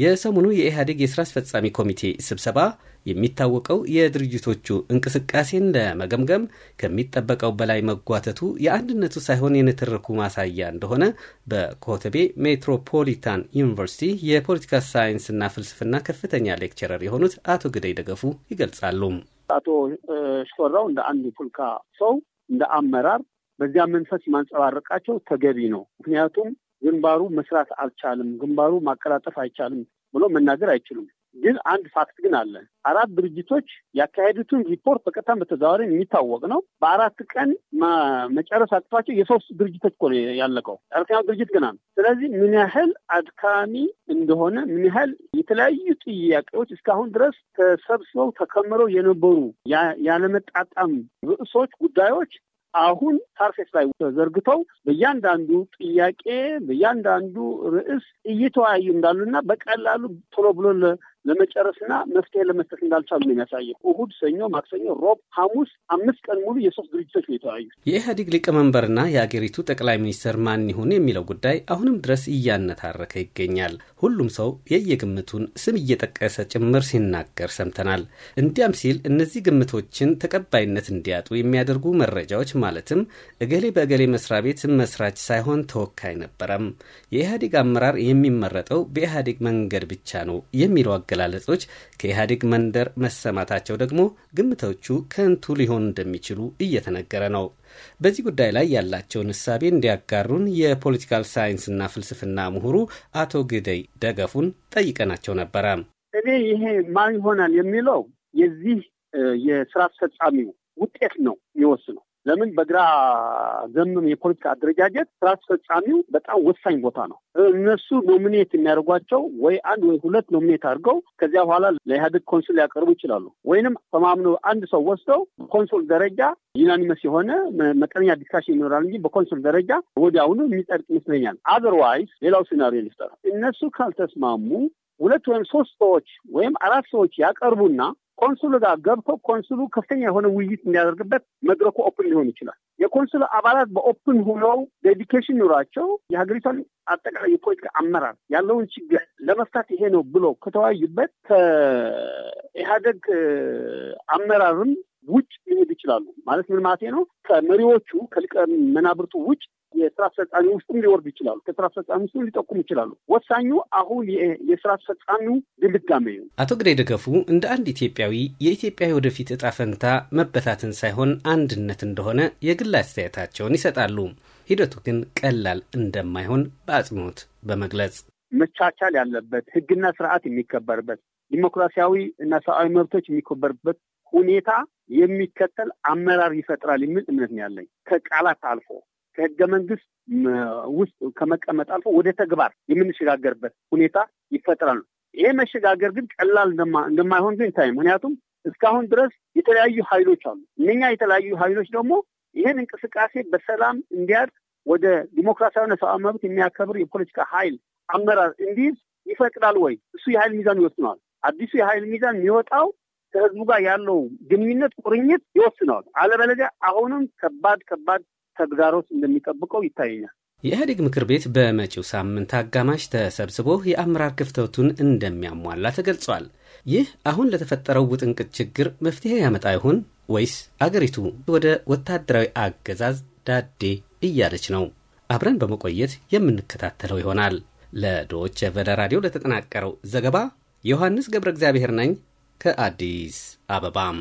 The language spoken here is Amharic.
የሰሞኑ የኢህአዴግ የስራ አስፈጻሚ ኮሚቴ ስብሰባ የሚታወቀው የድርጅቶቹ እንቅስቃሴን ለመገምገም ከሚጠበቀው በላይ መጓተቱ የአንድነቱ ሳይሆን የንትርኩ ማሳያ እንደሆነ በኮተቤ ሜትሮፖሊታን ዩኒቨርሲቲ የፖለቲካ ሳይንስና ፍልስፍና ከፍተኛ ሌክቸረር የሆኑት አቶ ግደይ ደገፉ ይገልጻሉ። አቶ ሽፈራው እንደ አንድ የፖለቲካ ሰው እንደ አመራር በዚያ መንፈስ ማንጸባረቃቸው ተገቢ ነው። ምክንያቱም ግንባሩ መስራት አልቻልም፣ ግንባሩ ማቀላጠፍ አይቻልም ብሎ መናገር አይችሉም። ግን አንድ ፋክት ግን አለ። አራት ድርጅቶች ያካሄዱትን ሪፖርት በቀጥታም በተዘዋዋሪ የሚታወቅ ነው። በአራት ቀን መጨረስ አቅቷቸው የሶስት ድርጅቶች እኮ ነው ያለቀው። አራተኛው ድርጅት ገና ነው። ስለዚህ ምን ያህል አድካሚ እንደሆነ ምን ያህል የተለያዩ ጥያቄዎች እስካሁን ድረስ ተሰብስበው ተከምረው የነበሩ ያለመጣጣም ርዕሶች፣ ጉዳዮች አሁን ሰርፌስ ላይ ተዘርግተው በእያንዳንዱ ጥያቄ በእያንዳንዱ ርዕስ እየተወያዩ እንዳሉና በቀላሉ ቶሎ ብሎ ለመጨረስና መፍትሄ ለመስጠት እንዳልቻሉ ነው የሚያሳየው። እሁድ፣ ሰኞ፣ ማክሰኞ፣ ሮብ፣ ሐሙስ አምስት ቀን ሙሉ የሶስት ድርጅቶች ነው የተወያዩት። የኢህአዴግ ሊቀመንበርና የአገሪቱ ጠቅላይ ሚኒስትር ማን ይሁን የሚለው ጉዳይ አሁንም ድረስ እያነታረከ ይገኛል። ሁሉም ሰው የየግምቱን ስም እየጠቀሰ ጭምር ሲናገር ሰምተናል። እንዲያም ሲል እነዚህ ግምቶችን ተቀባይነት እንዲያጡ የሚያደርጉ መረጃዎች ማለትም እገሌ በእገሌ መስሪያ ቤት መስራች ሳይሆን ተወካይ ነበረም፣ የኢህአዴግ አመራር የሚመረጠው በኢህአዴግ መንገድ ብቻ ነው የሚለው አገላለጾች ከኢህአዴግ መንደር መሰማታቸው ደግሞ ግምቶቹ ከንቱ ሊሆን እንደሚችሉ እየተነገረ ነው። በዚህ ጉዳይ ላይ ያላቸውን እሳቤ እንዲያጋሩን የፖለቲካል ሳይንስና ፍልስፍና ምሁሩ አቶ ግደይ ደገፉን ጠይቀናቸው ነበረ። እኔ ይሄ ማን ይሆናል የሚለው የዚህ የስራ አስፈጻሚው ውጤት ነው የሚወስነው ለምን በግራ ዘመም የፖለቲካ አደረጃጀት ስራ አስፈጻሚው በጣም ወሳኝ ቦታ ነው። እነሱ ኖሚኔት የሚያደርጓቸው ወይ አንድ ወይ ሁለት ኖሚኔት አድርገው ከዚያ በኋላ ለኢህአዴግ ኮንሱል ሊያቀርቡ ይችላሉ። ወይንም ተማምነው አንድ ሰው ወስደው ኮንሱል ደረጃ ዩናኒመስ የሆነ መጠነኛ ዲስካሽን ይኖራል እንጂ በኮንሱል ደረጃ ወዲያውኑ የሚጠርቅ ይመስለኛል። አዘርዋይስ ሌላው ሲናሪዮ ሊፍጠር እነሱ ካልተስማሙ ሁለት ወይም ሶስት ሰዎች ወይም አራት ሰዎች ያቀርቡና ኮንሱሉ ጋር ገብቶ ኮንሱሉ ከፍተኛ የሆነ ውይይት እንዲያደርግበት መድረኩ ኦፕን ሊሆን ይችላል። የኮንሱሉ አባላት በኦፕን ሆነው ዴዲኬሽን ኑሯቸው የሀገሪቷን አጠቃላይ የፖለቲካ አመራር ያለውን ችግር ለመፍታት ይሄ ነው ብሎ ከተወያዩበት ከኢህአደግ አመራርም ውጭ ሊሄዱ ይችላሉ። ማለት ምን ማለቴ ነው? ከመሪዎቹ ከሊቀ መናብርቱ ውጭ የስራ አስፈጻሚ ውስጥም ሊወርዱ ይችላሉ። ከስራ አስፈጻሚ ውስጥም ሊጠቁሙ ይችላሉ። ወሳኙ አሁን የስራ አስፈጻሚው ድምዳሜ ነው። አቶ ግሬ ደገፉ እንደ አንድ ኢትዮጵያዊ የኢትዮጵያ ወደፊት እጣ ፈንታ መበታትን ሳይሆን አንድነት እንደሆነ የግል አስተያየታቸውን ይሰጣሉ። ሂደቱ ግን ቀላል እንደማይሆን በአጽንኦት በመግለጽ መቻቻል ያለበት ህግና ስርዓት የሚከበርበት ዲሞክራሲያዊ እና ሰብአዊ መብቶች የሚከበርበት ሁኔታ የሚከተል አመራር ይፈጥራል የሚል እምነት ነው ያለኝ ከቃላት አልፎ ከህገ መንግስት ውስጥ ከመቀመጥ አልፎ ወደ ተግባር የምንሸጋገርበት ሁኔታ ይፈጥራል። ይሄ መሸጋገር ግን ቀላል እንደማይሆን ግን ይታይ። ምክንያቱም እስካሁን ድረስ የተለያዩ ኃይሎች አሉ። እነኛ የተለያዩ ኃይሎች ደግሞ ይህን እንቅስቃሴ በሰላም እንዲያድግ ወደ ዲሞክራሲያዊና ሰብአዊ መብት የሚያከብር የፖለቲካ ኃይል አመራር እንዲይዝ ይፈቅዳል ወይ? እሱ የኃይል ሚዛን ይወስነዋል። አዲሱ የኃይል ሚዛን የሚወጣው ከህዝቡ ጋር ያለው ግንኙነት ቁርኝት ይወስነዋል። አለበለዚያ አሁንም ከባድ ከባድ ተግዳሮት እንደሚጠብቀው ይታየኛል። የኢህአዴግ ምክር ቤት በመጪው ሳምንት አጋማሽ ተሰብስቦ የአመራር ክፍተቱን እንደሚያሟላ ተገልጿል። ይህ አሁን ለተፈጠረው ውጥንቅጥ ችግር መፍትሄ ያመጣ ይሆን ወይስ አገሪቱ ወደ ወታደራዊ አገዛዝ ዳዴ እያለች ነው? አብረን በመቆየት የምንከታተለው ይሆናል። ለዶች ቨለ ራዲዮ ለተጠናቀረው ዘገባ ዮሐንስ ገብረ እግዚአብሔር ነኝ ከአዲስ አበባም